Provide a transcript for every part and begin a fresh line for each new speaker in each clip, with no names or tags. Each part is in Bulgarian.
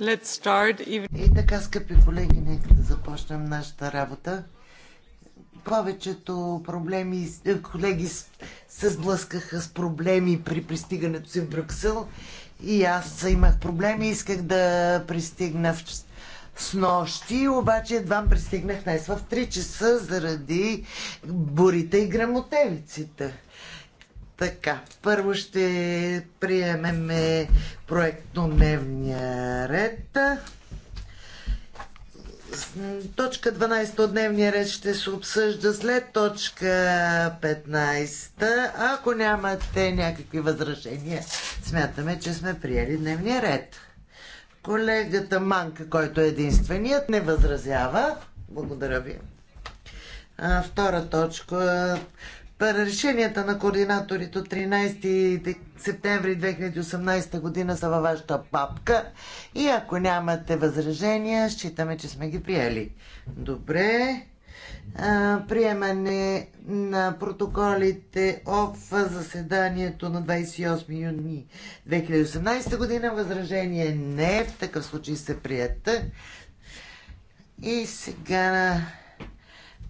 Let's start. И така, скъпи колеги, нека да започнем нашата работа. Повечето проблеми, е, колеги се сблъскаха с проблеми при пристигането си в Брюксел и аз имах проблеми, исках да пристигна в с нощи, обаче едва пристигнах днес в 3 часа заради бурите и грамотевиците. Така, първо ще приемем проектно дневния ред. Точка 12 от дневния ред ще се обсъжда след точка 15. Ако нямате някакви възражения, смятаме, че сме приели дневния ред. Колегата Манка, който е единственият, не възразява. Благодаря ви. А, втора точка решенията на координаторите от 13 септември 2018 година са във вашата папка и ако нямате възражения, считаме, че сме ги приели. Добре. А, приемане на протоколите от заседанието на 28 юни 2018 година. Възражение не. Е. В такъв случай се прията. И сега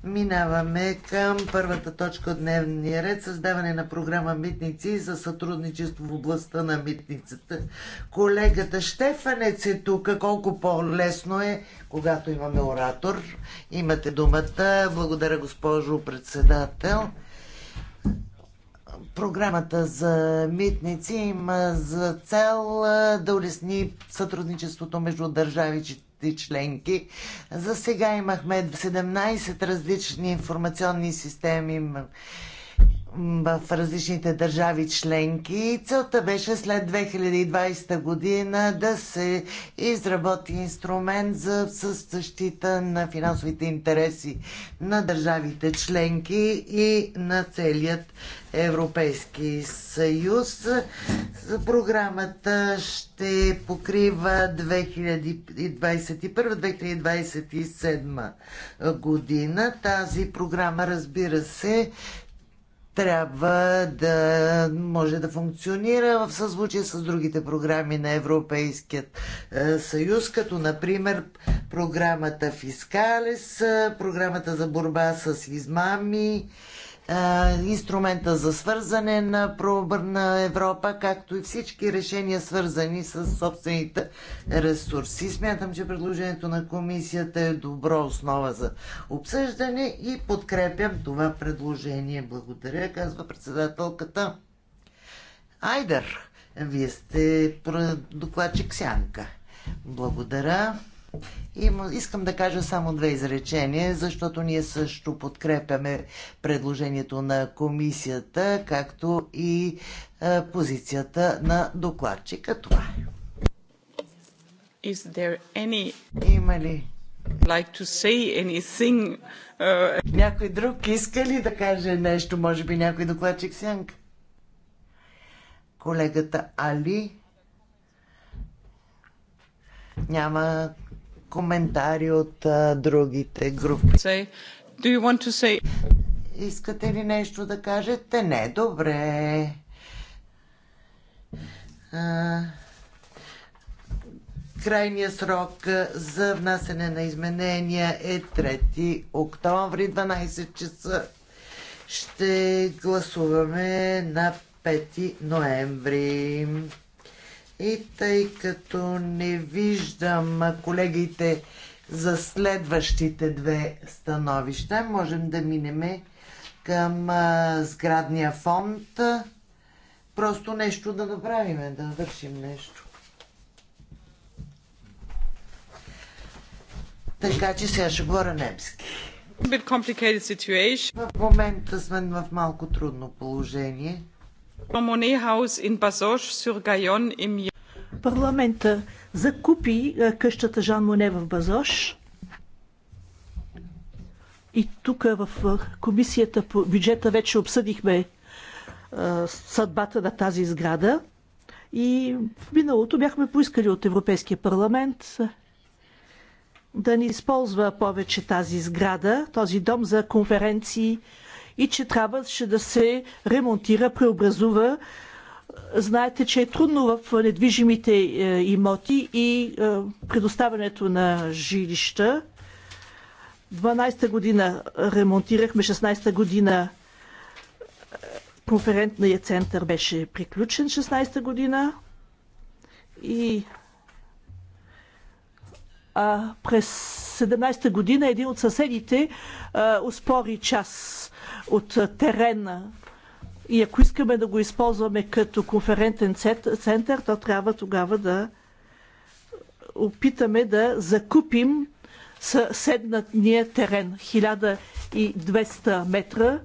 Минаваме към първата точка от дневния ред създаване на програма Митници за сътрудничество в областта на митницата. Колегата Штефанец е тук. Колко по-лесно е, когато имаме оратор. Имате думата. Благодаря, госпожо председател. Програмата за митници има за цел да улесни сътрудничеството между държавите страните членки. За сега имахме 17 различни информационни системи в различните държави членки. Целта беше след 2020 година да се изработи инструмент за защита на финансовите интереси на държавите членки и на целият Европейски съюз. Програмата ще покрива 2021-2027 година. Тази програма, разбира се, трябва да може да функционира в съзвучие с другите програми на Европейският е, съюз, като например програмата Фискалис, е, програмата за борба с измами инструмента за свързане на пробърна Европа, както и всички решения свързани с собствените ресурси. Смятам, че предложението на комисията е добро основа за обсъждане и подкрепям това предложение. Благодаря, казва председателката. Айдер, вие сте докладчик Сянка. Благодаря. Има, искам да кажа само две изречения, защото ние също подкрепяме предложението на комисията, както и е, позицията на докладчика. Това е. Is there any... Има ли? Like to say anything, uh... Някой друг иска ли да каже нещо? Може би някой докладчик сянка? Колегата Али? Няма коментари от а, другите групи. Do you want to say... Искате ли нещо да кажете? Не, добре. А, крайния срок за внасене на изменения е 3 октомври, 12 часа. Ще гласуваме на 5 ноември. И тъй като не виждам колегите за следващите две становища, можем да минеме към а, сградния фонд. Просто нещо да направим, да вършим нещо. Така че сега ще говоря немски. В момента сме в малко трудно положение. Парламента
закупи е, къщата Жан Моне в Базош. И тук в е, комисията по бюджета вече обсъдихме е, съдбата на тази сграда. И в миналото бяхме поискали от Европейския парламент да не използва повече тази сграда, този дом за конференции, и че трябваше да се ремонтира, преобразува. Знаете, че е трудно в недвижимите е, имоти и е, предоставянето на жилища. 12-та година ремонтирахме, 16-та година е, конферентният център беше приключен 16-та година и а, през 17-та година един от съседите а, успори час от терена. И ако искаме да го използваме като конферентен център, то трябва тогава да опитаме да закупим съседния терен. 1200 метра,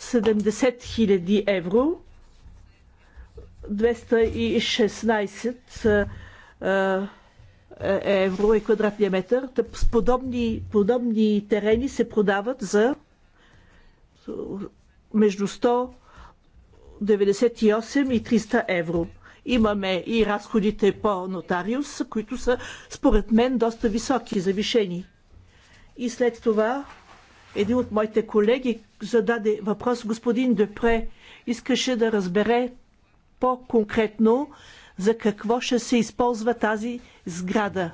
70 000 евро, 216 е, евро и е квадратния метър. подобни, подобни терени се продават за между 198 и 300 евро. Имаме и разходите по нотариус, които са според мен доста високи, завишени. И след това един от моите колеги зададе въпрос, господин Депре искаше да разбере по-конкретно за какво ще се използва тази сграда.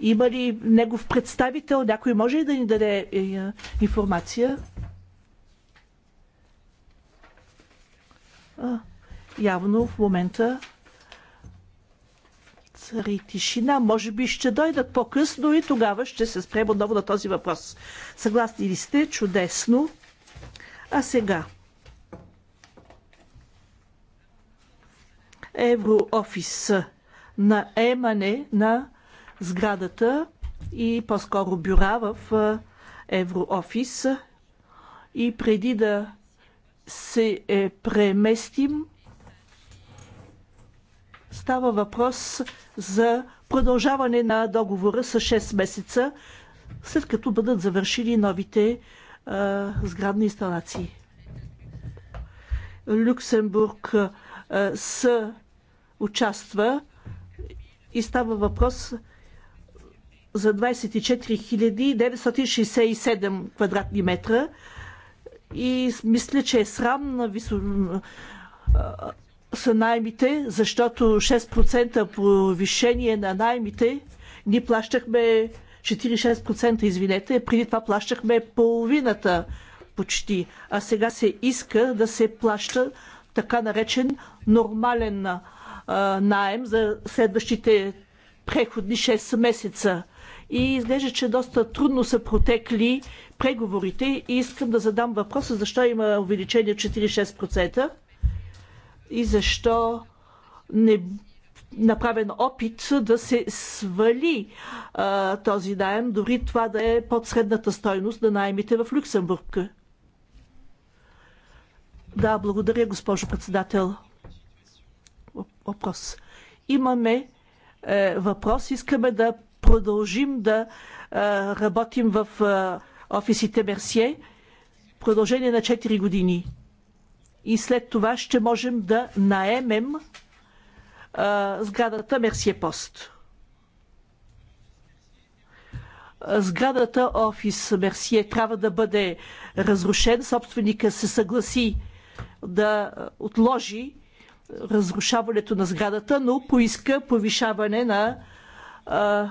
Има ли негов представител? Някой може ли да ни даде е, информация? явно в момента цари тишина. Може би ще дойдат по-късно и тогава ще се спрем отново на този въпрос. Съгласни ли сте? Чудесно. А сега. Евроофис на емане на сградата и по-скоро бюра в Евроофис. И преди да се е преместим. Става въпрос за продължаване на договора с 6 месеца, след като бъдат завършили новите а, сградни инсталации. Люксембург а, с участва и става въпрос за 24 967 квадратни метра и мисля, че е срам на висо... са наймите, защото 6% повишение на наймите ни плащахме 46%, извинете, преди това плащахме половината почти, а сега се иска да се плаща така наречен нормален а, найем за следващите преходни 6 месеца и изглежда, че доста трудно са протекли преговорите и искам да задам въпроса защо има увеличение от 46% и защо не направен опит да се свали а, този найем, дори това да е под средната стойност на найемите в Люксембург. Да, благодаря, госпожо председател. Въпрос. Имаме е, въпрос. Искаме да продължим да работим в офисите Мерсие продължение на 4 години. И след това ще можем да наемем а, сградата Мерсие Пост. Сградата офис Мерсие трябва да бъде разрушен. Собственика се съгласи да отложи разрушаването на сградата, но поиска повишаване на а,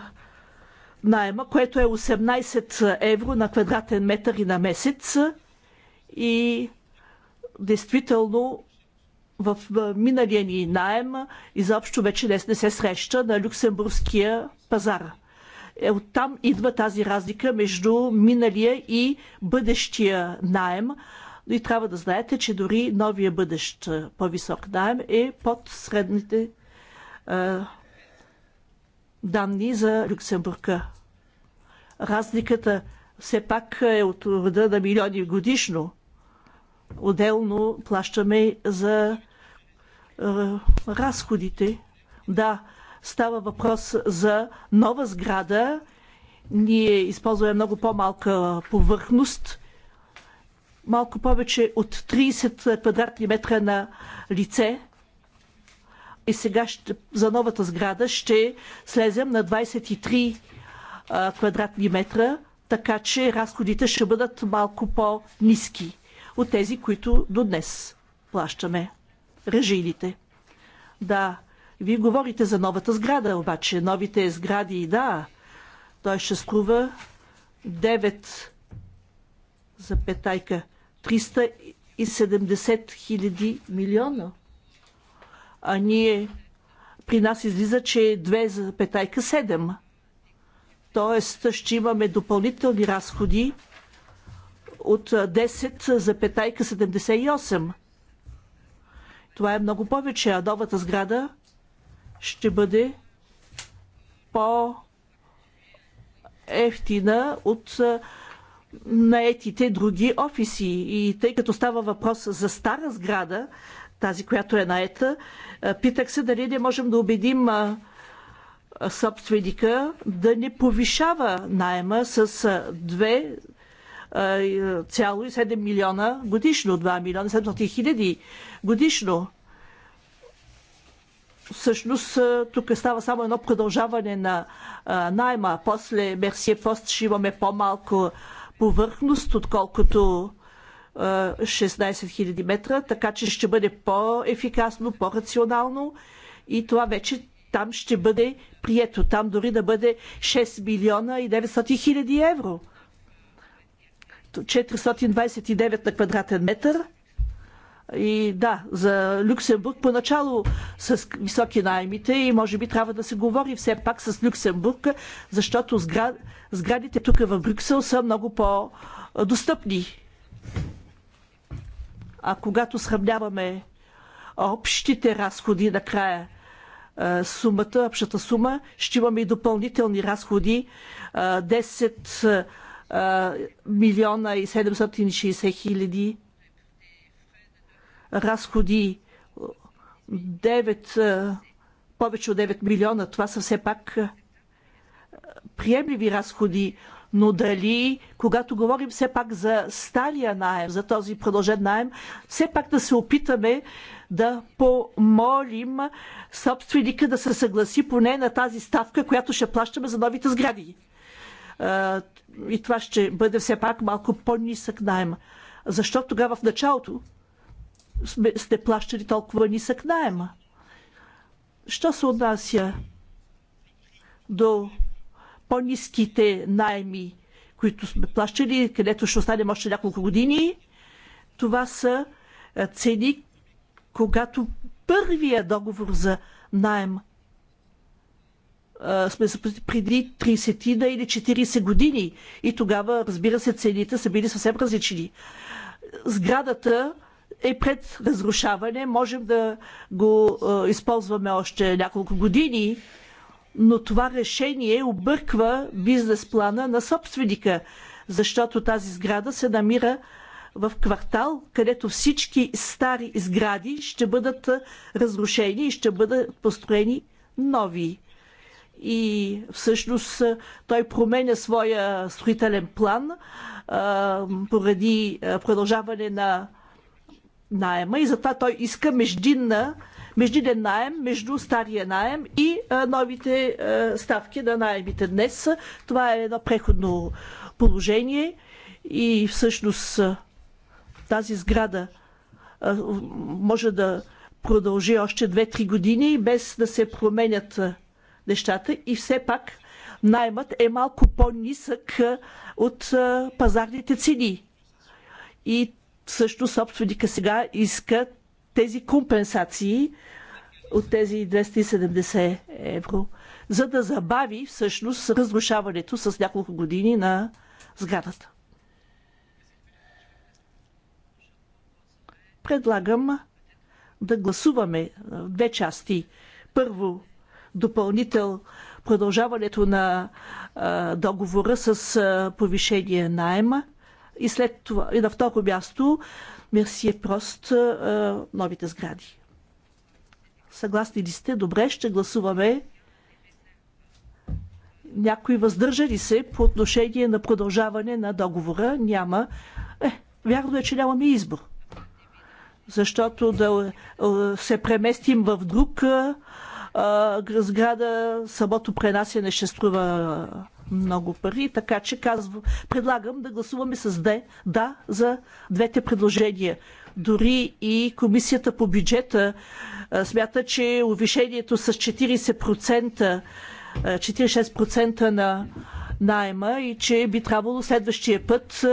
найема, което е 18 евро на квадратен метър и на месец. И действително в миналия ни найем изобщо вече днес не се среща на люксембургския пазар. Е, оттам идва тази разлика между миналия и бъдещия найем. И трябва да знаете, че дори новия бъдещ по-висок найем е под средните е, данни за Люксембурга. Разликата все пак е от рода на милиони годишно. Отделно плащаме за е, разходите. Да, става въпрос за нова сграда. Ние използваме много по-малка повърхност. Малко повече от 30 квадратни метра на лице и сега ще, за новата сграда ще слезем на 23 а, квадратни метра, така че разходите ще бъдат малко по-низки от тези, които до днес плащаме. Режилите. Да, вие говорите за новата сграда, обаче новите сгради, да, той ще струва 9 за петайка 370 хиляди милиона а ние при нас излиза, че е 7, Тоест ще имаме допълнителни разходи от 10 за петайка 78. Това е много повече, а новата сграда ще бъде по ефтина от наетите други офиси. И тъй като става въпрос за стара сграда, тази, която е наета. Е, питах се дали не можем да убедим е, собственика да не повишава найема с 2,7 е, милиона годишно, 2 милиона 700 хиляди годишно. Всъщност тук става само едно продължаване на найма. После Мерсие Пост ще имаме по-малко повърхност, отколкото 16 000 метра, така че ще бъде по-ефикасно, по-рационално и това вече там ще бъде прието. Там дори да бъде 6 милиона и 900 хиляди евро. 429 на квадратен метър. И да, за Люксембург поначало с високи найемите и може би трябва да се говори все пак с Люксембург, защото сградите тук в Брюксел са много по-достъпни а когато сравняваме общите разходи накрая, е, сумата, общата сума, ще имаме и допълнителни разходи 10 е, е, милиона и 760 хиляди разходи 9, повече от 9 милиона. Това са все пак приемливи разходи но дали, когато говорим все пак за стария найем, за този продължен найем, все пак да се опитаме да помолим собственика да се съгласи поне на тази ставка, която ще плащаме за новите сгради. И това ще бъде все пак малко по-нисък найем. Защо тогава в началото сте плащали толкова нисък найема? Що се отнася до по-низките найми, които сме плащали, където ще останем още няколко години. Това са цени, когато първия договор за найем сме преди 30 или 40 години. И тогава, разбира се, цените са били съвсем различни. Сградата е пред разрушаване. Можем да го използваме още няколко години но това решение обърква бизнес плана на собственика, защото тази сграда се намира в квартал, където всички стари сгради ще бъдат разрушени и ще бъдат построени нови. И всъщност той променя своя строителен план поради продължаване на найема и затова той иска междинна междиден найем между стария найем и новите ставки на найемите днес. Това е едно преходно положение и всъщност тази сграда може да продължи още 2-3 години без да се променят нещата и все пак наймът е малко по-нисък от пазарните цени. И също собственика сега иска тези компенсации от тези 270 евро, за да забави всъщност разрушаването с няколко години на сградата. Предлагам да гласуваме две части. Първо, допълнител продължаването на а, договора с а, повишение найема и след това и на второ място Мерсие Прост новите сгради. Съгласни ли сте? Добре, ще гласуваме. Някои въздържали се по отношение на продължаване на договора? Няма. Е, вярно е, че нямаме избор. Защото да се преместим в друг сграда, самото пренасяне ще струва много пари, така че казвам, предлагам да гласуваме с Д, да, за двете предложения. Дори и комисията по бюджета смята, че увишението с 40%, 46% на найема и че би трябвало следващия път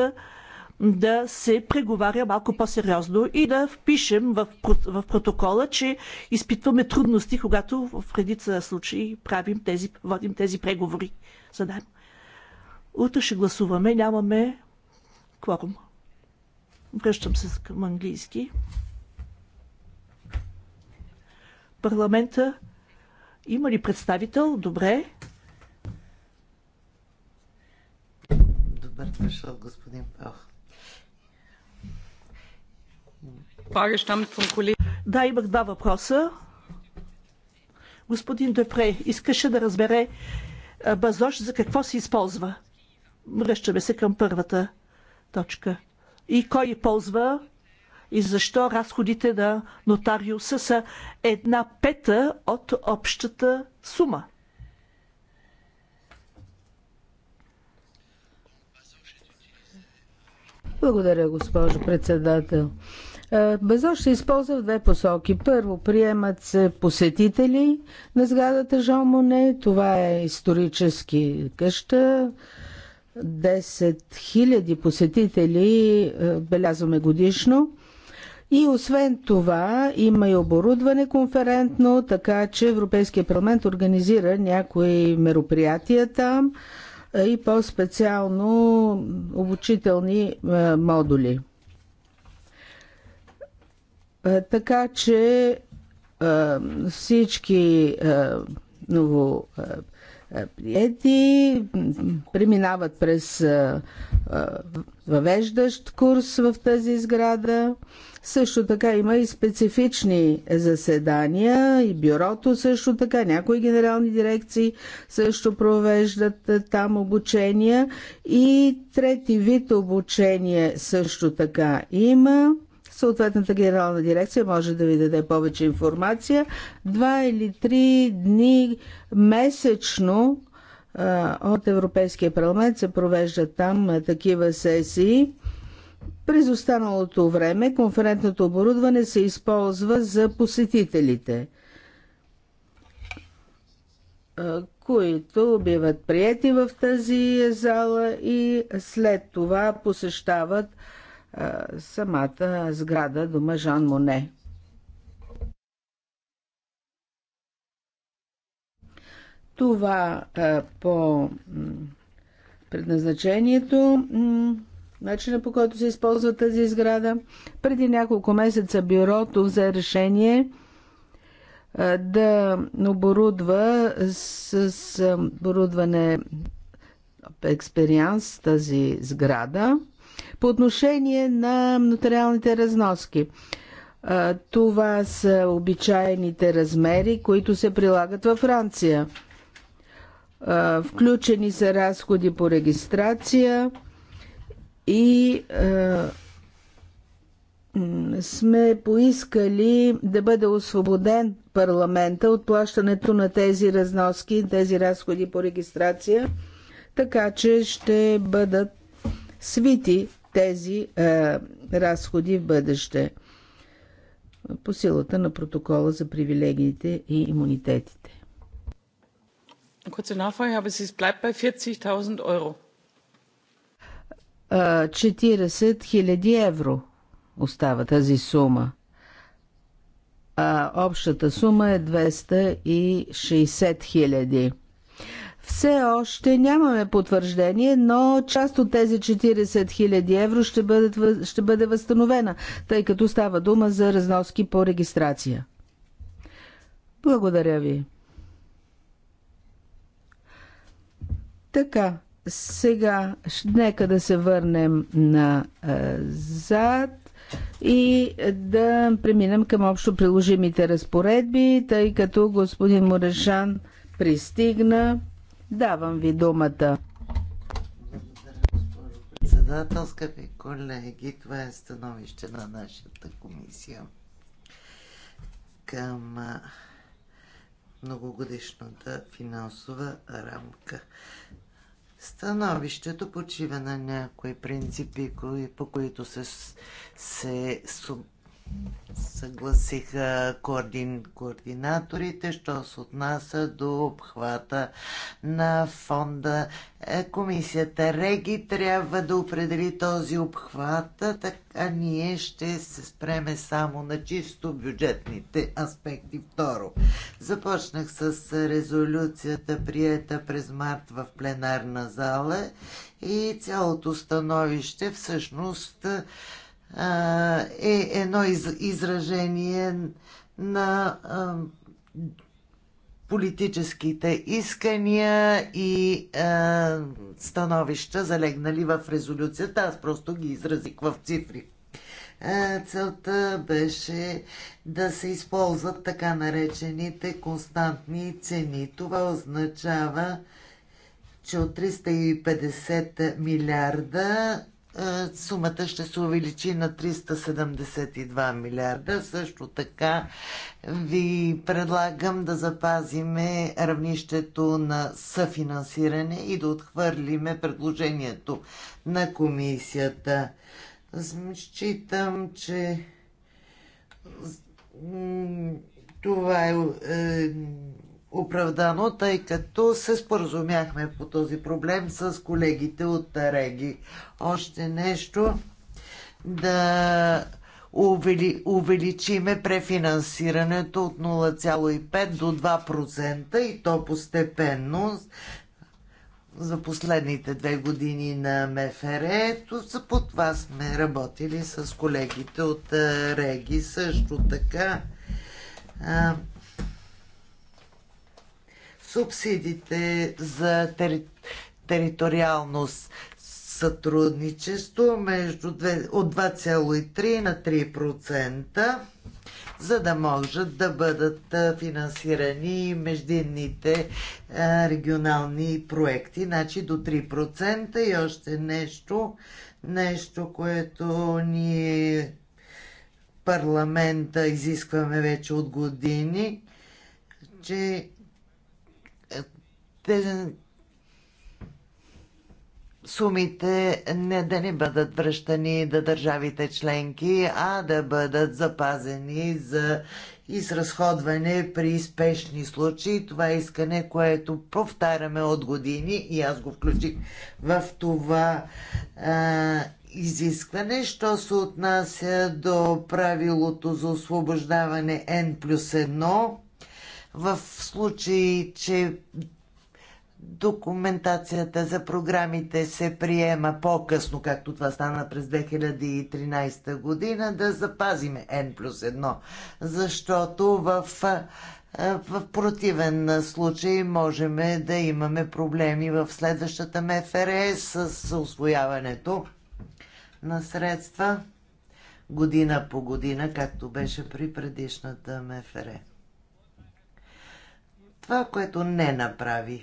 да се преговаря малко по-сериозно и да впишем в, в протокола, че изпитваме трудности, когато в редица случаи правим тези, водим тези преговори за найем. Утре ще гласуваме, нямаме кворум. Връщам се към английски. Парламента има ли представител? Добре.
Добър дошъл, господин Павлов.
Да, имах два въпроса. Господин Депре искаше да разбере базош за какво се използва. Връщаме се към първата точка. И кой ползва и защо разходите на нотариуса са една пета от общата сума.
Благодаря, госпожо председател. Е, Безош се използва в две посоки. Първо, приемат се посетители на сградата Жан Моне. Това е исторически къща. 10 000 посетители е, белязваме годишно. И освен това има и оборудване конферентно, така че Европейския парламент организира някои мероприятия там е, и по-специално обучителни модули. Е, така че е, всички е, ново приети преминават през въвеждащ курс в тази сграда. Също така има и специфични заседания и бюрото също така. Някои генерални дирекции също провеждат там обучения и трети вид обучение също така има Съответната генерална дирекция може да ви даде повече информация. Два или три дни месечно от Европейския парламент се провеждат там такива сесии. През останалото време конферентното оборудване се използва за посетителите, които биват приети в тази зала и след това посещават самата сграда дома Жан Моне. Това по предназначението, начина по който се използва тази сграда. Преди няколко месеца бюрото взе решение да оборудва с оборудване експерианс тази сграда – по отношение на нотариалните разноски. Това са обичайните размери, които се прилагат във Франция. Включени са разходи по регистрация и сме поискали да бъде освободен парламента от плащането на тези разноски, тези разходи по регистрация, така че ще бъдат свити тези е, разходи в бъдеще по силата на протокола за привилегиите и имунитетите. Kurze е, хиляди 40 000 евро остава тази сума. А общата сума е 260 000. Все още нямаме потвърждение, но част от тези 40 000 евро ще, бъдат, ще бъде възстановена, тъй като става дума за разноски по регистрация. Благодаря ви. Така, сега нека да се върнем назад и да преминем към общо приложимите разпоредби, тъй като господин Морешан пристигна. Давам ви думата. Благодаря,
госпожо председател, скъпи колеги. Това е становище на нашата комисия към многогодишната финансова рамка. Становището почива на някои принципи, кои, по които се, се съгласиха координ, координаторите, що се отнася до обхвата на фонда. Е, комисията Реги трябва да определи този обхват, така ние ще се спреме само на чисто бюджетните аспекти. Второ, започнах с резолюцията, приета през март в пленарна зала и цялото становище всъщност е едно изражение на политическите искания и а, становища, залегнали в резолюцията. Аз просто ги изразих в цифри. целта беше да се използват така наречените константни цени. Това означава, че от 350 милиарда е, сумата ще се увеличи на 372 милиарда. Също така ви предлагам да запазиме равнището на съфинансиране и да отхвърлиме предложението на комисията. Считам, че това е, е оправдано, тъй като се споразумяхме по този проблем с колегите от Реги. Още нещо да увели, увеличиме префинансирането от 0,5 до 2% и то постепенно за последните две години на МФР. Ето за по това сме работили с колегите от Реги. Също така субсидите за тери, териториално сътрудничество между 2, от 2,3 на 3%, за да могат да бъдат финансирани междинните регионални проекти, значи до 3% и още нещо, нещо, което ние парламента изискваме вече от години, че сумите не да не бъдат връщани да държавите членки, а да бъдат запазени за изразходване при спешни случаи. Това е искане, което повтаряме от години и аз го включих в това а, изискване. Що се отнася до правилото за освобождаване N плюс 1, в случай, че Документацията за програмите се приема по-късно, както това стана през 2013 година, да запазиме N плюс 1, защото в, в противен случай можем да имаме проблеми в следващата МФР е с освояването на средства година по година, както беше при предишната МФР. Е. Това, което не направих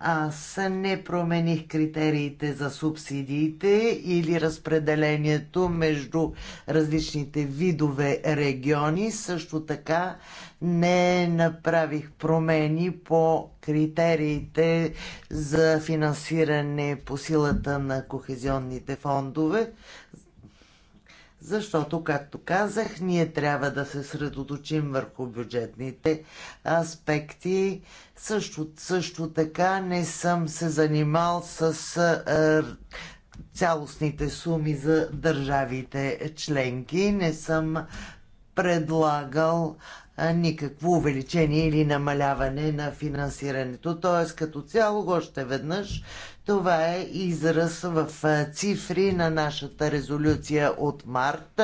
аз не промених критериите за субсидиите или разпределението между различните видове региони. Също така не направих промени по критериите за финансиране по силата на кохезионните фондове защото, както казах, ние трябва да се средоточим върху бюджетните аспекти. Също, също така не съм се занимал с а, е, цялостните суми за държавите членки. Не съм предлагал е, никакво увеличение или намаляване на финансирането. Тоест, като цяло, още веднъж това е израз в цифри на нашата резолюция от март,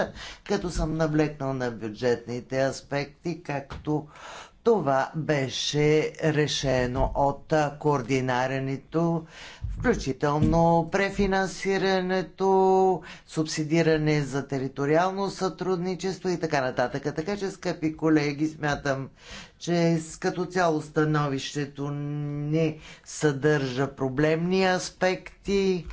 като съм навлекнал на бюджетните аспекти, както това беше решено от координарането, включително префинансирането, субсидиране за териториално сътрудничество и така нататък. Така че, скъпи колеги, смятам, че като цяло становището не съдържа проблемни аспекти.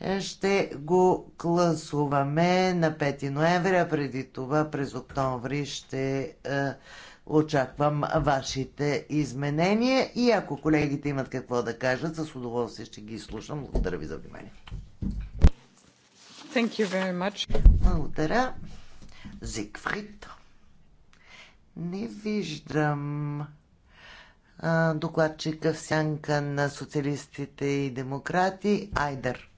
Е, ще го класуваме на 5 ноември, а преди това през октомври ще е, Очаквам вашите изменения и ако колегите имат какво да кажат, с удоволствие ще ги слушам. Благодаря ви за внимание. Thank you very much. Благодаря. Зигфрид. Не виждам докладчика в сянка на социалистите и демократи Айдер.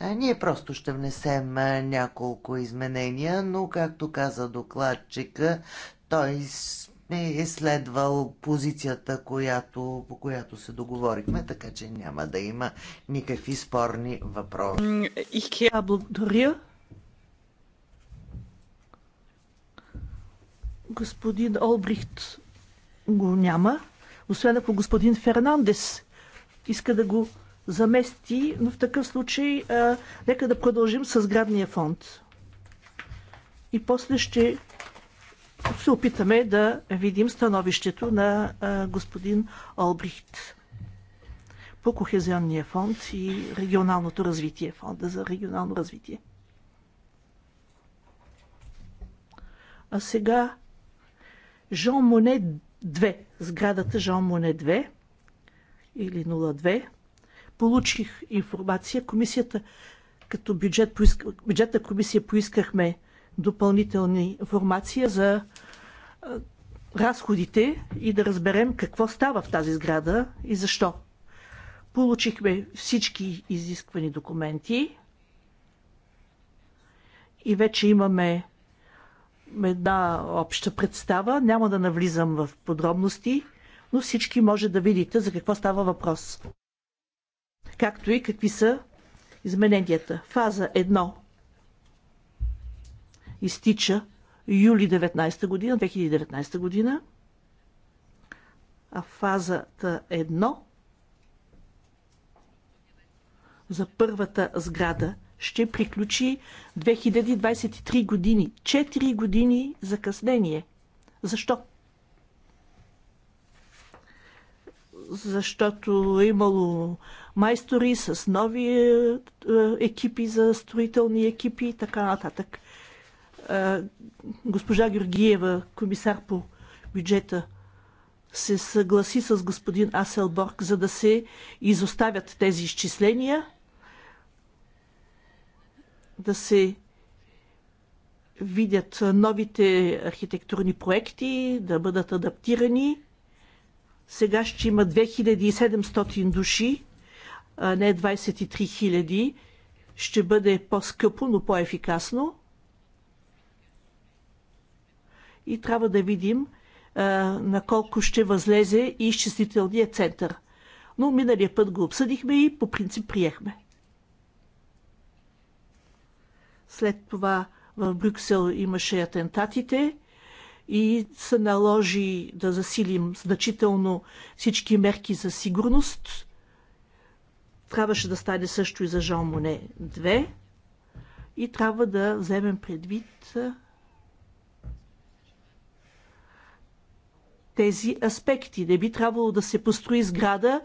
Ние просто ще внесем няколко изменения, но както каза докладчика, той не е следвал позицията, която, по която се договорихме, така че няма да има никакви спорни въпроси. Благодаря.
Господин Олбрихт го няма, освен ако господин Фернандес иска да го замести, но в такъв случай а, нека да продължим с сградния фонд. И после ще се опитаме да видим становището на а, господин Олбрихт по Кохезионния фонд и регионалното развитие, фонда за регионално развитие. А сега Жон Моне 2, сградата Жан Моне 2 или 02. Получих информация. Комисията, като бюджет, поиска, бюджетна комисия поискахме допълнителни информация за разходите и да разберем какво става в тази сграда и защо. Получихме всички изисквани документи и вече имаме една обща представа. Няма да навлизам в подробности, но всички може да видите за какво става въпрос както и какви са измененията. Фаза 1 изтича юли 19 година, 2019 година, а фазата 1 за първата сграда ще приключи 2023 години. 4 години закъснение. Защо? Защото е имало майстори, с нови е, екипи за строителни екипи и така нататък. Е, госпожа Георгиева, комисар по бюджета, се съгласи с господин Аселборг, за да се изоставят тези изчисления, да се видят новите архитектурни проекти, да бъдат адаптирани. Сега ще има 2700 души а не 23 000, ще бъде по-скъпо, но по-ефикасно. И трябва да видим на колко ще възлезе и изчислителният център. Но миналия път го обсъдихме и по принцип приехме. След това в Брюксел имаше атентатите и се наложи да засилим значително всички мерки за сигурност трябваше да стане също и за Жан Моне 2 и трябва да вземем предвид тези аспекти. Не би трябвало да се построи сграда,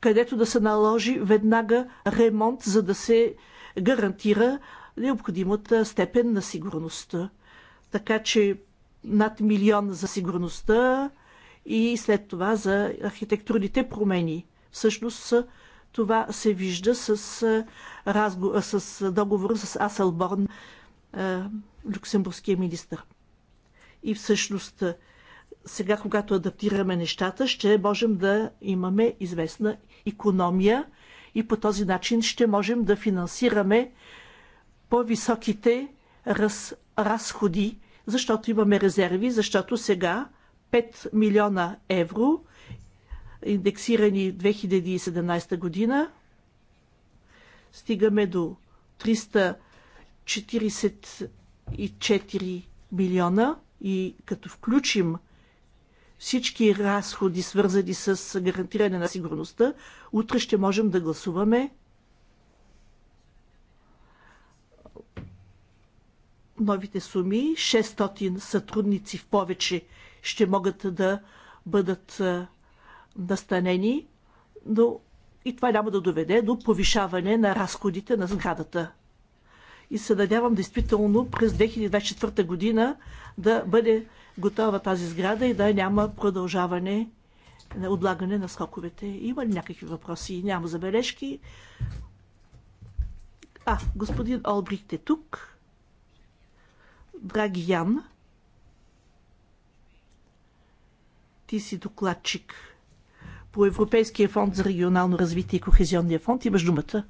където да се наложи веднага ремонт, за да се гарантира необходимата степен на сигурността. Така че над милион за сигурността и след това за архитектурните промени. Всъщност това се вижда с, разговор, с договора с Аселборн, люксембургския министр. И всъщност сега, когато адаптираме нещата, ще можем да имаме известна економия и по този начин ще можем да финансираме по-високите раз, разходи, защото имаме резерви, защото сега 5 милиона евро – индексирани 2017 година. Стигаме до 344 милиона и като включим всички разходи, свързани с гарантиране на сигурността, утре ще можем да гласуваме новите суми. 600 сътрудници в повече ще могат да бъдат настанени, но и това няма да доведе до повишаване на разходите на сградата. И се надявам действително през 2024 година да бъде готова тази сграда и да няма продължаване на отлагане на скоковете. Има ли някакви въпроси? Няма забележки. А, господин Олбрихт е тук. Драги Ян, ти си докладчик по Европейския фонд за регионално развитие и Кохезионния фонд. Имаш думата.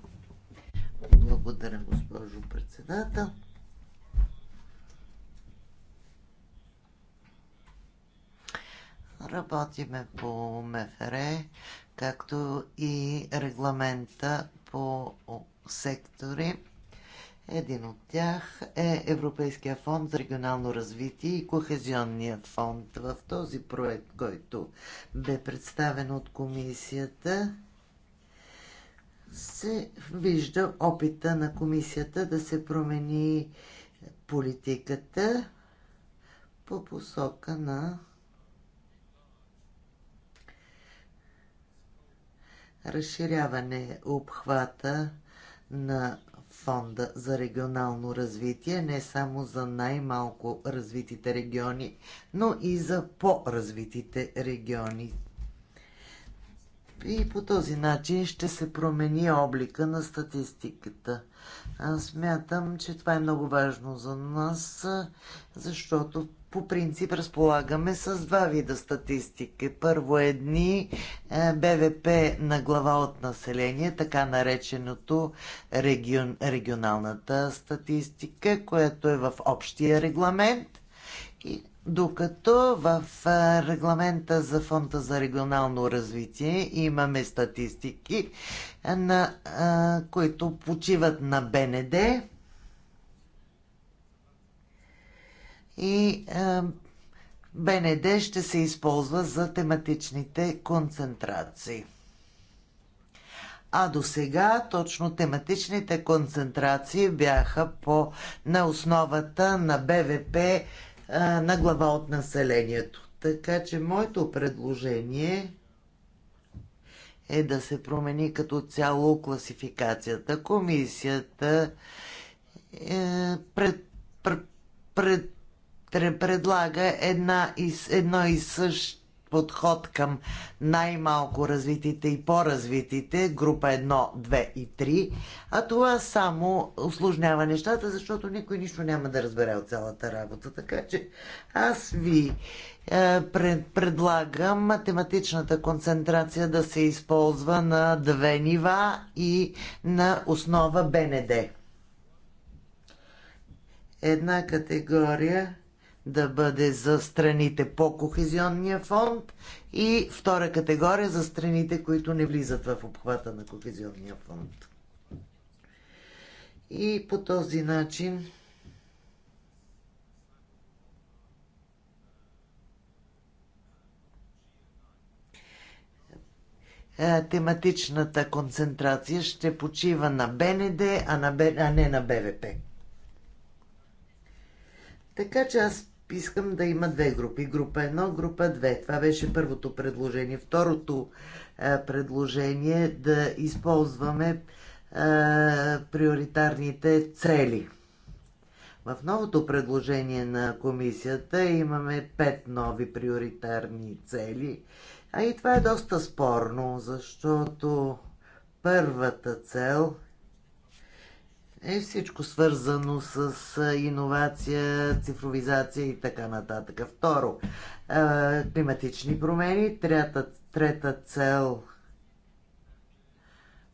Благодаря, госпожо председател. Работиме по МФР, както и регламента по сектори един от тях е Европейския фонд за регионално развитие и Кохезионния фонд. В този проект, който бе представен от комисията, се вижда опита на комисията да се промени политиката по посока на разширяване обхвата на фонда за регионално развитие, не само за най-малко развитите региони, но и за по-развитите региони. И по този начин ще се промени облика на статистиката. Аз смятам, че това е много важно за нас, защото по принцип разполагаме с два вида статистики. Първо едни е, БВП на глава от население, така нареченото регион, регионалната статистика, което е в общия регламент – докато в регламента за Фонда за регионално развитие имаме статистики, на, а, които почиват на БНД и а, БНД ще се използва за тематичните концентрации. А до сега точно тематичните концентрации бяха по, на основата на БВП на глава от населението. Така че моето предложение е да се промени като цяло класификацията. Комисията е, пред, пред, пред, пред, предлага една и, едно и също подход към най-малко развитите и по-развитите, група 1, 2 и 3, а това само осложнява нещата, защото никой нищо няма да разбере от цялата работа. Така че аз ви е, предлагам математичната концентрация да се използва на две нива и на основа БНД. Една категория да бъде за страните по Кохезионния фонд и втора категория за страните, които не влизат в обхвата на Кохезионния фонд. И по този начин е, тематичната концентрация ще почива на БНД, а, на Б... а не на БВП. Така че аз искам да има две групи. Група 1, група 2. Това беше първото предложение. Второто е, предложение е да използваме е, приоритарните цели. В новото предложение на комисията имаме пет нови приоритарни цели. А и това е доста спорно, защото първата цел – е всичко свързано с иновация, цифровизация и така нататък. Второ, климатични промени. Трета, трета цел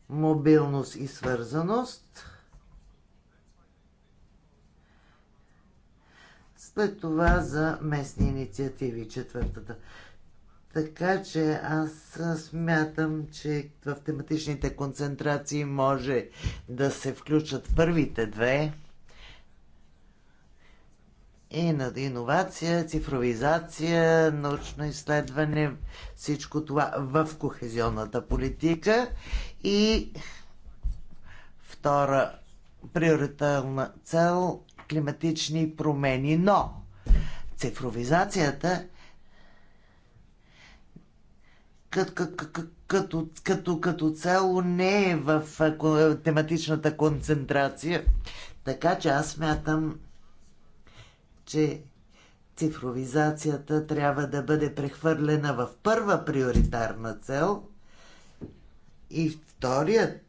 мобилност и свързаност. След това за местни инициативи, четвъртата. Така че аз смятам, че в тематичните концентрации може да се включат първите две и на иновация, цифровизация, научно изследване, всичко това в кохезионната политика и втора приоритетна цел климатични промени. Но цифровизацията като, като, като цяло не е в тематичната концентрация. Така че аз мятам, че цифровизацията трябва да бъде прехвърлена в първа приоритарна цел и вторият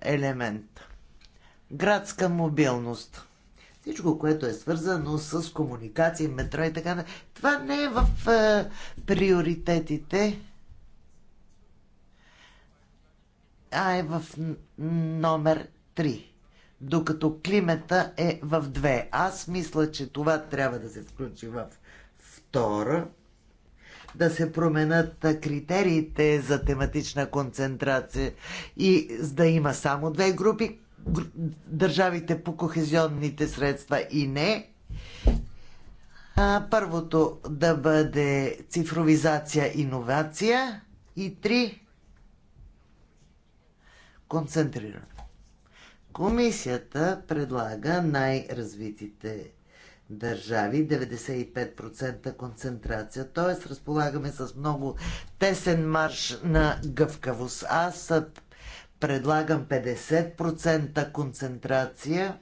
елемент – градска мобилност. Всичко, което е свързано с комуникации, метро и така нататък, това не е в е, приоритетите а е в номер 3, докато климата е в 2. Аз мисля, че това трябва да се включи в втора, да се променят критериите за тематична концентрация и да има само две групи, държавите по кохезионните средства и не. А, първото да бъде цифровизация, иновация и три концентрирано. Комисията предлага най-развитите държави 95% концентрация. Т.е. разполагаме с много тесен марш на гъвкавост. Аз предлагам 50% концентрация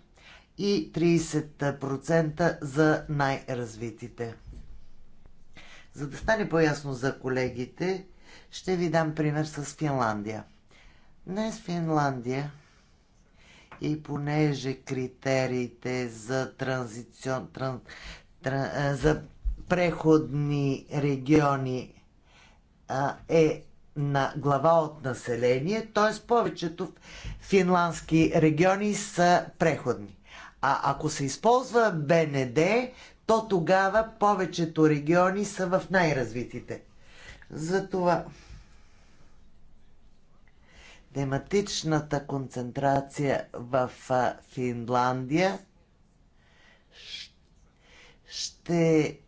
и 30% за най-развитите. За да стане по-ясно за колегите, ще ви дам пример с Финландия – Днес Финландия и понеже критериите за транзицион, тран, тран, за преходни региони а, е на глава от население, т.е. повечето финландски региони са преходни. А ако се използва БНД, то тогава повечето региони са в най-развитите. Затова тематичната концентрация в Финландия ще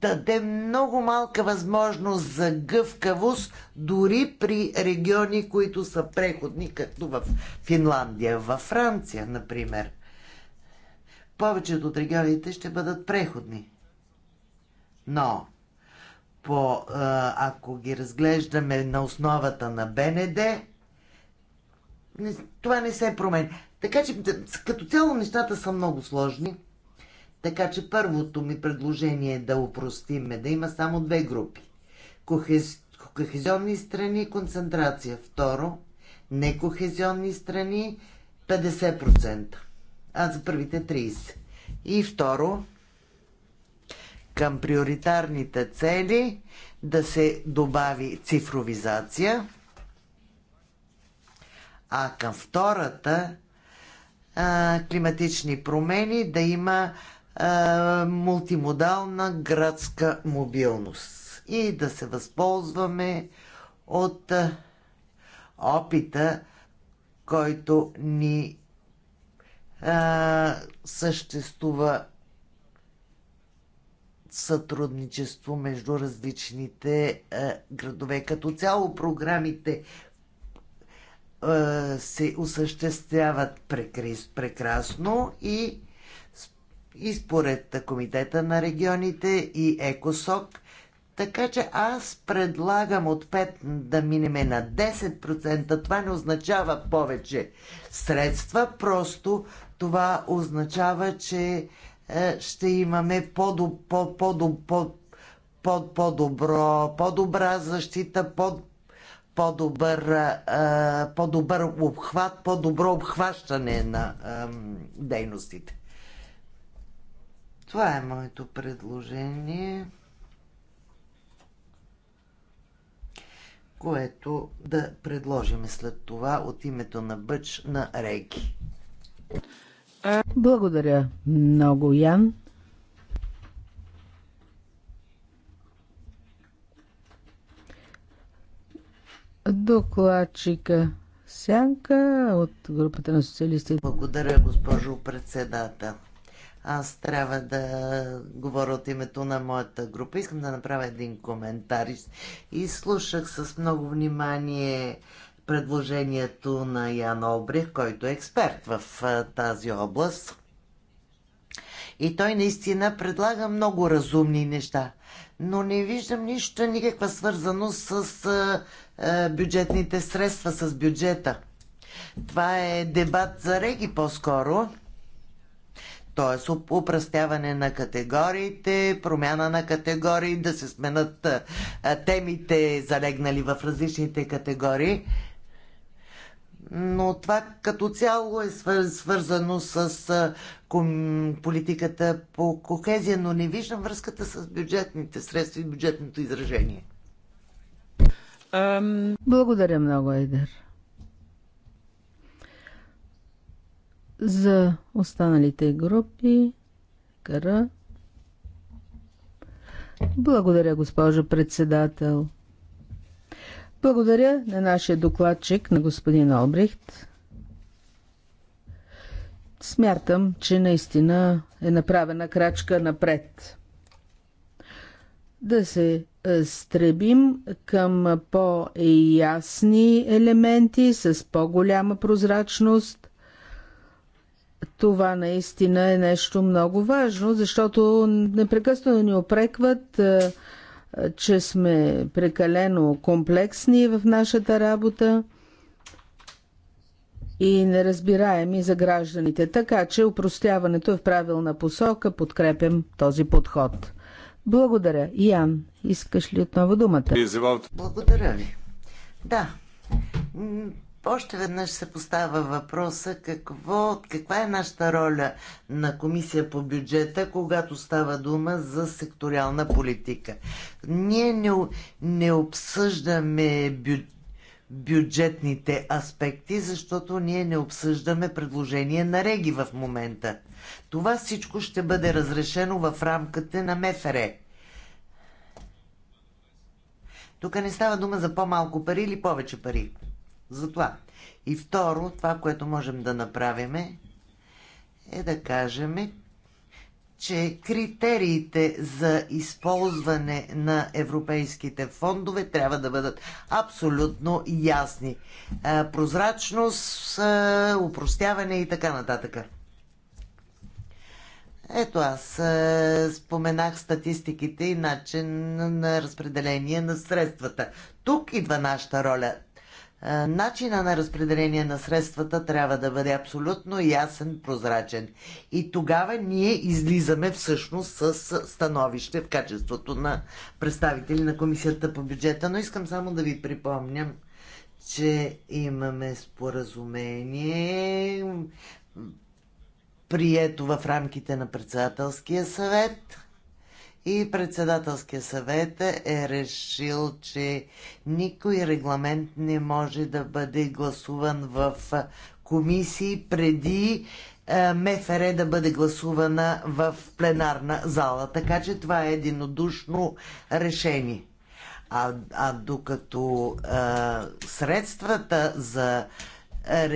даде много малка възможност за гъвкавост дори при региони, които са преходни, както в Финландия. Във Франция, например, повечето от регионите ще бъдат преходни. Но по, ако ги разглеждаме на основата на БНД, това не се променя. Така че, като цяло, нещата са много сложни. Така че първото ми предложение е да упростиме, да има само две групи. Кохезионни страни и концентрация. Второ, некохезионни страни 50%, а за първите 30%. И второ, към приоритарните цели да се добави цифровизация, а към втората а, климатични промени да има а, мултимодална градска мобилност и да се възползваме от а, опита, който ни а, съществува сътрудничество между различните е, градове. Като цяло програмите е, се осъществяват прекрасно и, и според Комитета на регионите и ЕКОСОК. Така че аз предлагам от 5 да минеме на 10%. Това не означава повече средства, просто това означава, че е, ще имаме по-добро, по, добра защита, по, добър е, по-добър обхват, по-добро обхващане на дейностите. Това е моето предложение, което да предложим след това от името на Бъч на Реги.
Благодаря много, Ян. Докладчика Сянка
от групата на социалистите. Благодаря, госпожо председател. Аз трябва да говоря от името на моята група. Искам да направя един коментар. И слушах с много внимание предложението на Ян Обрих, който е експерт в тази област. И той наистина предлага много разумни неща. Но не виждам нищо, никаква свързаност с бюджетните средства, с бюджета. Това е дебат за реги по-скоро т.е. упръстяване на категориите, промяна на категории, да се сменят темите, залегнали в различните категории но това като цяло е свързано с политиката по кохезия, но не виждам връзката с бюджетните средства и бюджетното изражение.
Благодаря много, Айдер. За останалите групи, кара. Благодаря, госпожо председател. Благодаря на нашия докладчик, на господин Олбрихт. Смятам, че наистина е направена крачка напред. Да се е, стребим към по-ясни елементи с по-голяма прозрачност. Това наистина е нещо много важно, защото непрекъснато ни опрекват е, че сме прекалено комплексни в нашата работа и неразбираеми за гражданите. Така че упростяването е в правилна посока. Подкрепям този подход. Благодаря. Ян, искаш ли отново думата?
Благодаря
ви. Да. Още веднъж се поставя въпроса какво, каква е нашата роля на Комисия по бюджета, когато става дума за секториална политика. Ние не, не обсъждаме бю, бюджетните аспекти, защото ние не обсъждаме предложение на Реги в момента. Това всичко ще бъде разрешено в рамката на МФР. Тук не става дума за по-малко пари или повече пари за това. И второ, това, което можем да направим е да кажем, че критериите за използване на европейските фондове трябва да бъдат абсолютно ясни. Прозрачност, упростяване и така нататък. Ето аз споменах статистиките и начин на разпределение на средствата. Тук идва нашата роля. Е, начина на разпределение на средствата трябва да бъде абсолютно ясен, прозрачен. И тогава ние излизаме всъщност с становище в качеството на представители на Комисията по бюджета. Но искам само да ви припомням, че имаме споразумение, прието в рамките на председателския съвет – и председателския съвет е решил, че никой регламент не може да бъде гласуван в комисии преди е, МФР е да бъде гласувана в пленарна зала. Така че това е единодушно решение. А, а докато а, е, средствата за а,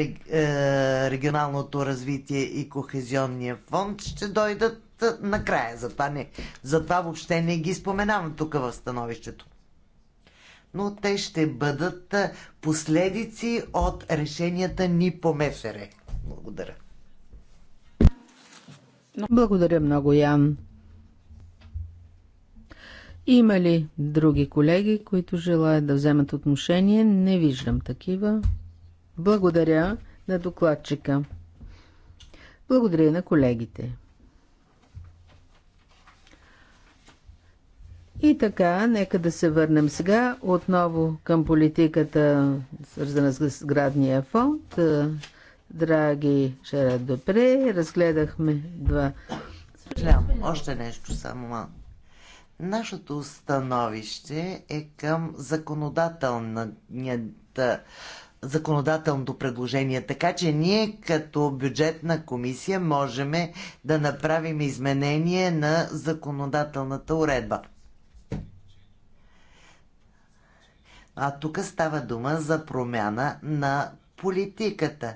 регионалното развитие и кохезионния фонд ще дойдат накрая. Затова, не, затова въобще не ги споменавам тук в становището. Но те ще бъдат последици от решенията ни по МФР. Благодаря.
Благодаря много, Ян. Има ли други колеги, които желаят да вземат отношение? Не виждам такива. Благодаря на докладчика. Благодаря на колегите. И така, нека да се върнем сега отново към политиката, свързана с градния фонд. Е, Драги Шерат Допре, разгледахме два.
Съжалявам, още нещо само. Нашето становище е към законодателната законодателното предложение. Така че ние като бюджетна комисия можем да направим изменение на законодателната уредба. А тук става дума за промяна на политиката.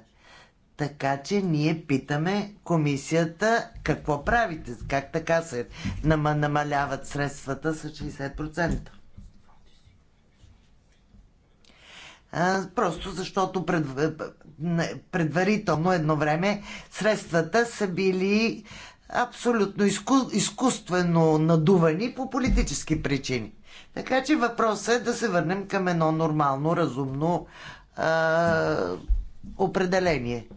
Така че ние питаме комисията какво правите, как така се намаляват средствата с 60%. просто защото пред, предварително едно време средствата са били абсолютно изку, изкуствено надувани по политически причини. Така че въпросът е да се върнем към едно нормално, разумно а, определение.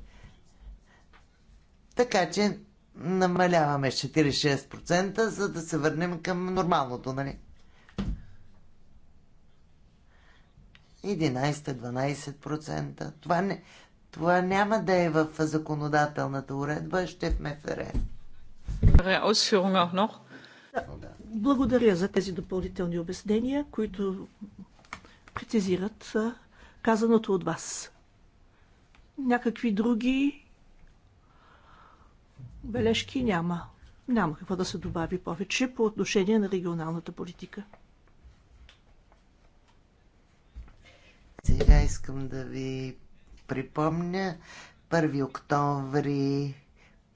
Така че намаляваме 46%, за да се върнем към нормалното, нали? 11-12%. Това, не, това няма да е в законодателната уредба, ще е в МФР.
Ausführungen auch noch?
Да.
Благодаря за тези допълнителни обяснения, които
прецизират казаното от вас. Някакви други бележки няма. Няма какво да се добави повече по отношение на регионалната политика.
Сега искам да ви припомня 1 октомври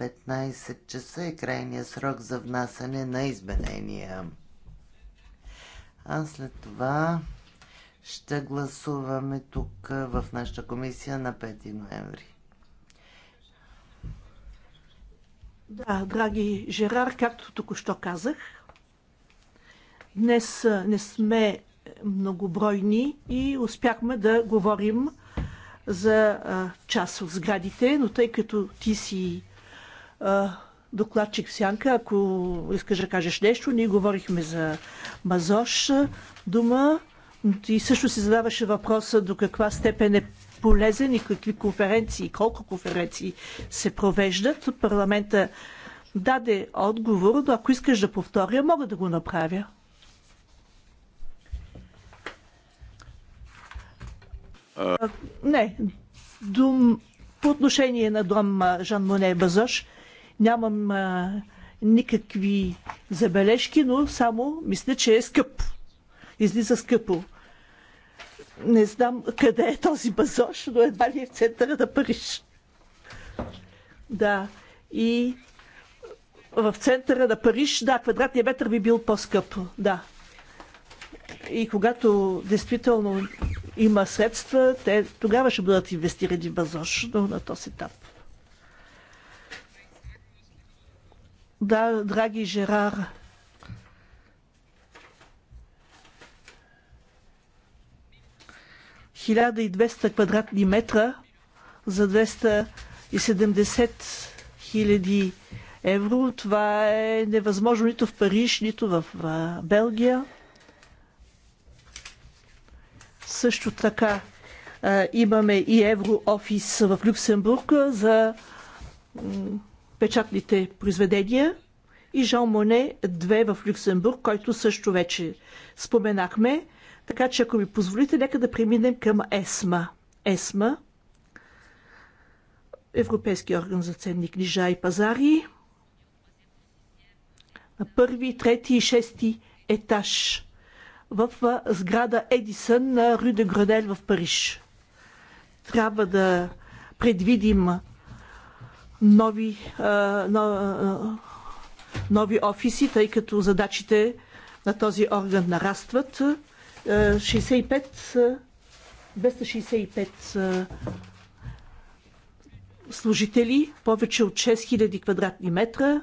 15 часа е крайният срок за внасяне на изменения. А след това ще гласуваме тук в нашата комисия на 5 ноември.
Да, драги Жерар, както току-що казах, днес не сме многобройни и успяхме да говорим за част от сградите, но тъй като ти си докладчик Сянка, ако искаш да кажеш нещо, ние говорихме за Мазош дума. Ти също си задаваше въпроса до каква степен е полезен и какви конференции, колко конференции се провеждат. Парламента даде отговор, но ако искаш да повторя, мога да го направя. А... Не. Дум... По отношение на дом Жан Моне Базош, Нямам а, никакви забележки, но само мисля, че е скъп. Излиза скъпо. Не знам къде е този базош, но едва ли е в центъра на Париж. Да. И в центъра на Париж, да, квадратният метър би бил по-скъп. Да. И когато действително има средства, те тогава ще бъдат инвестирани в базош, но на този етап. Да, драги Жерар, Хиляда и 1200 квадратни метра за 270 хиляди евро. Това е невъзможно нито в Париж, нито в Белгия. Също така имаме и евро офис в Люксембург за печатните произведения и Жан Моне 2 в Люксембург, който също вече споменахме. Така че, ако ми позволите, нека да преминем към ЕСМА. ЕСМА Европейски орган за ценни книжа и пазари. На първи, трети и шести етаж в сграда Едисън на Рю де Гренел в Париж. Трябва да предвидим нови, нови офиси, тъй като задачите на този орган нарастват. 65, 265 служители, повече от 6000 квадратни метра,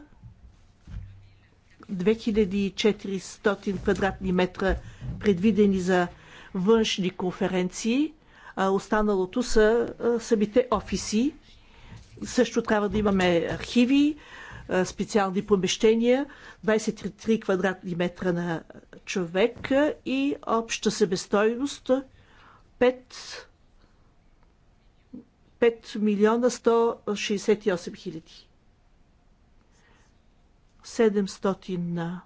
2400 квадратни метра предвидени за външни конференции, а останалото са самите офиси също трябва да имаме архиви, специални помещения, 23 квадратни метра на човек и обща себестойност 5, 5 милиона 168 хиляди. 700 на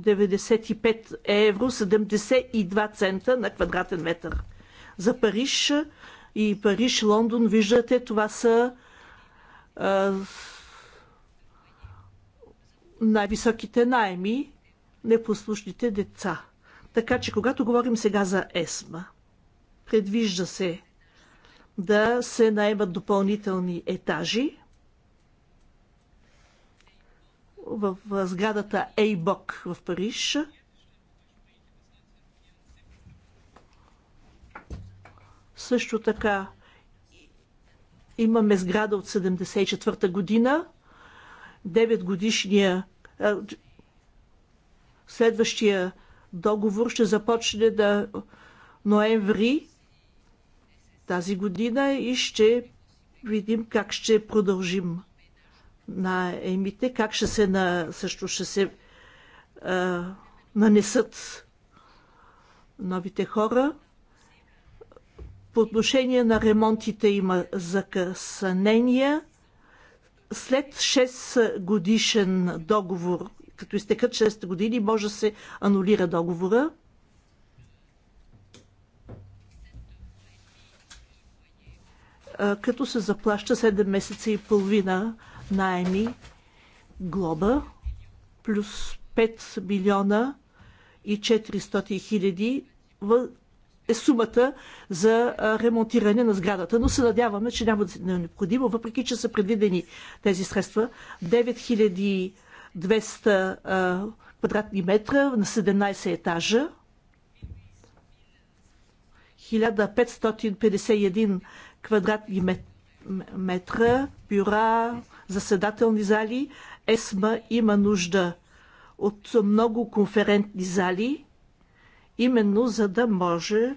95 евро 72 цента на квадратен метър. За Париж и Париж, Лондон, виждате, това са най-високите найми, непослушните деца. Така че, когато говорим сега за ЕСМА, предвижда се да се наемат допълнителни етажи в сградата Ейбок в Париж – Също така имаме сграда от 74-та година, 9 годишния следващия договор ще започне да ноември тази година и ще видим как ще продължим на емите, как ще се на, също ще се а, нанесат новите хора. По отношение на ремонтите има закъснения. След 6 годишен договор, като изтекат 6 години, може да се анулира договора. като се заплаща 7 месеца и половина найми глоба плюс 5 милиона и 400 хиляди е сумата за ремонтиране на сградата. Но се надяваме, че няма да е необходимо, въпреки че са предвидени тези средства. 9200 квадратни метра на 17 етажа. 1551 квадратни метра, бюра, заседателни зали. ЕСМА има нужда от много конферентни зали именно за да може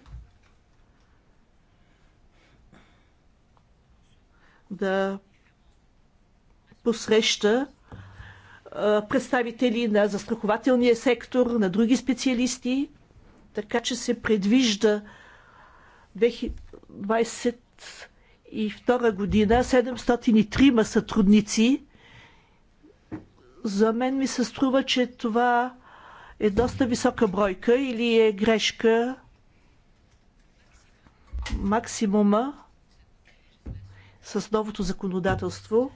да посреща представители на застрахователния сектор, на други специалисти, така че се предвижда 2022 година 703 сътрудници. За мен ми се струва, че това е доста висока бройка или е грешка максимума
с новото законодателство?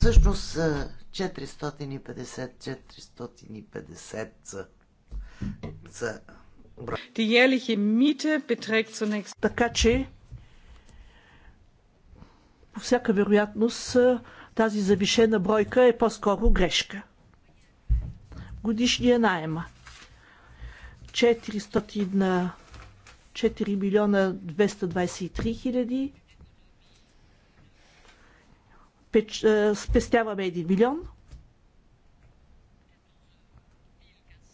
Всъщност 450-450 за, са Die мите beträgt zunächst. Така че,
по всяка вероятност, тази завишена бройка е по-скоро грешка годишния найема. 400 на 4 милиона 223 хиляди. Спестяваме 1 милион.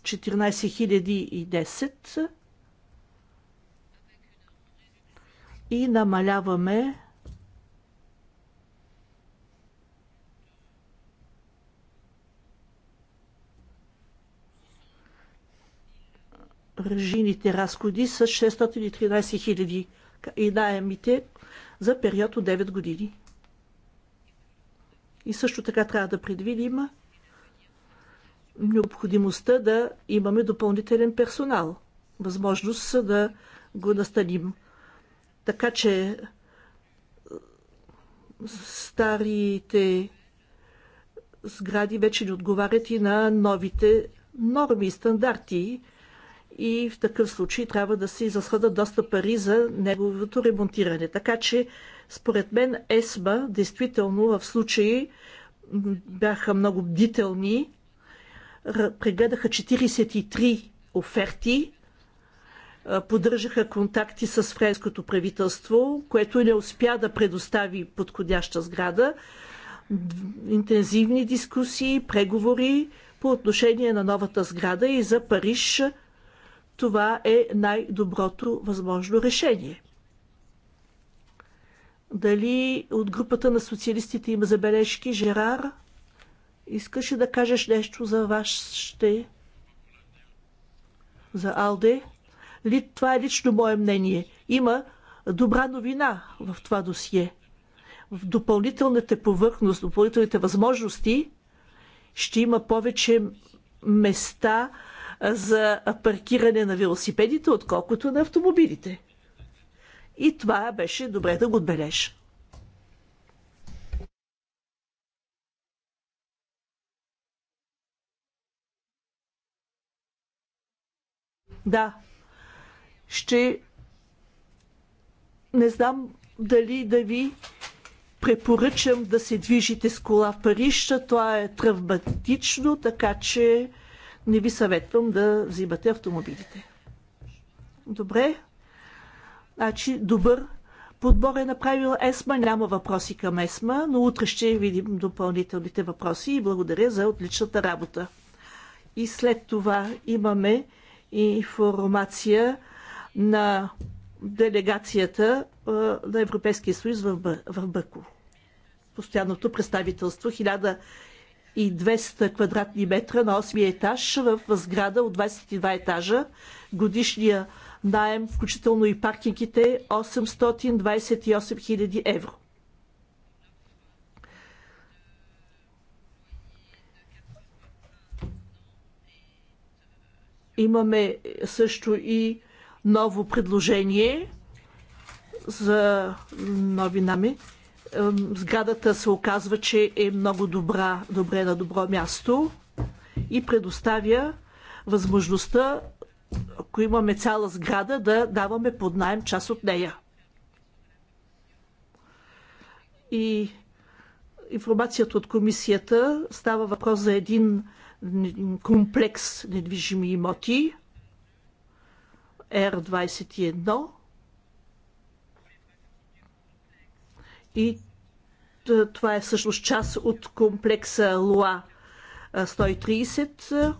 14 хиляди и 10. И намаляваме режийните разходи с 613 хиляди и найемите за период от 9 години. И също така трябва да предвидим необходимостта да имаме допълнителен персонал. Възможност да го настаним. Така че е, старите сгради вече не отговарят и на новите норми и стандарти и в такъв случай трябва да се изразходят доста пари за неговото ремонтиране. Така че, според мен, ЕСБА действително в случаи бяха много бдителни, прегледаха 43 оферти, поддържаха контакти с френското правителство, което не успя да предостави подходяща сграда. Интензивни дискусии, преговори по отношение на новата сграда и за Париж – това е най-доброто възможно решение. Дали от групата на социалистите има забележки, Жерар? Искаш ли да кажеш нещо за вашите... за Алде? Ли, това е лично мое мнение. Има добра новина в това досие. В допълнителната повърхност, допълнителните възможности ще има повече места за паркиране на велосипедите, отколкото на автомобилите. И това беше добре да го отбележа. Да. Ще. Не знам дали да ви препоръчам да се движите с кола в Париж. Това е травматично, така че не ви съветвам да взимате автомобилите. Добре. Значи, добър подбор е направил ЕСМА. Няма въпроси към ЕСМА, но утре ще видим допълнителните въпроси и благодаря за отличната работа. И след това имаме информация на делегацията на Европейския съюз в Баку. Постоянното представителство и 200 квадратни метра на 8 етаж в сграда от 22 етажа. Годишния найем, включително и паркингите, 828 е 000 евро. Имаме също и ново предложение за нови нами сградата се оказва, че е много добра, добре на добро място и предоставя възможността, ако имаме цяла сграда, да даваме под найем част от нея. И информацията от комисията става въпрос за един комплекс недвижими имоти R21 И това е всъщност част от комплекса Луа 130.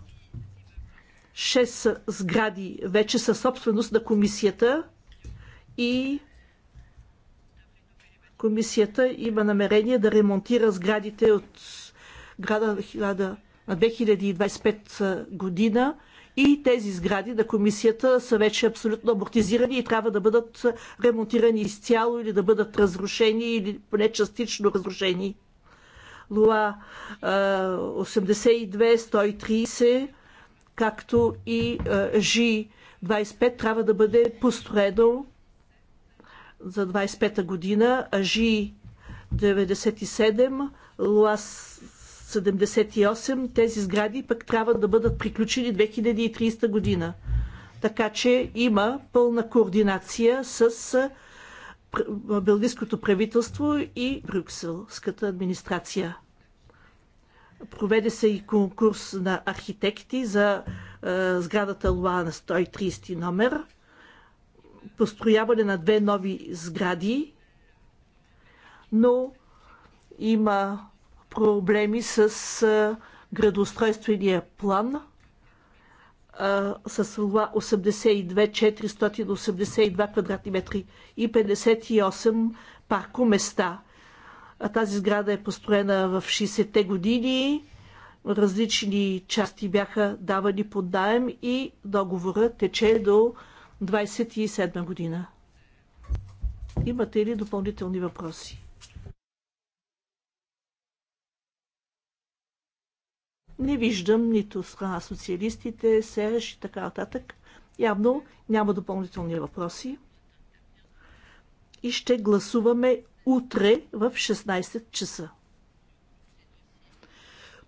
Шест сгради вече са собственост на комисията и комисията има намерение да ремонтира сградите от града на 2025 година и тези сгради на комисията са вече абсолютно амортизирани и трябва да бъдат ремонтирани изцяло или да бъдат разрушени или поне частично разрушени. Луа 82-130, както и Жи 25 трябва да бъде построено за 25-та година, а Жи 97, Луа 78 тези сгради пък трябва да бъдат приключени 2030 година. Така че има пълна координация с Белгийското правителство и Брюкселската администрация. Проведе се и конкурс на архитекти за сградата Луа на 130 номер, построяване на две нови сгради, но има проблеми с градоустройствения план с 82 482 квадратни метри и 58 парко места. Тази сграда е построена в 60-те години. Различни части бяха давани под даем и договора тече до 27 година. Имате ли допълнителни въпроси? не виждам нито страна социалистите, СЕРЕШ и така нататък. Явно няма допълнителни въпроси. И ще гласуваме утре в 16 часа.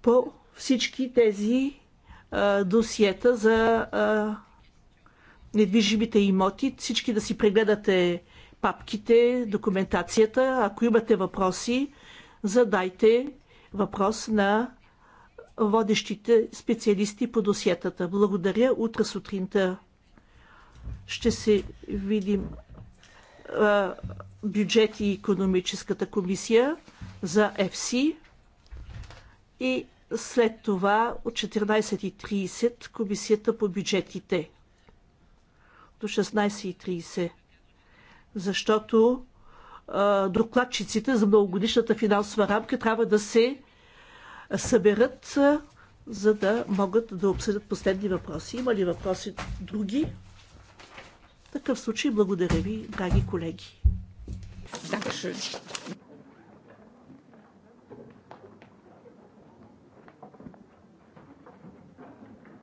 По всички тези а, досиета за а, недвижимите имоти, всички да си прегледате папките, документацията. Ако имате въпроси, задайте въпрос на водещите специалисти по досиетата. Благодаря. Утре сутринта ще се видим бюджет и економическата комисия за FC и след това от 14.30 комисията по бюджетите до 16.30, защото докладчиците за многогодишната финансова рамка трябва да се съберат, за да могат да обсъдят последни въпроси. Има ли въпроси други? В такъв случай благодаря ви, драги колеги.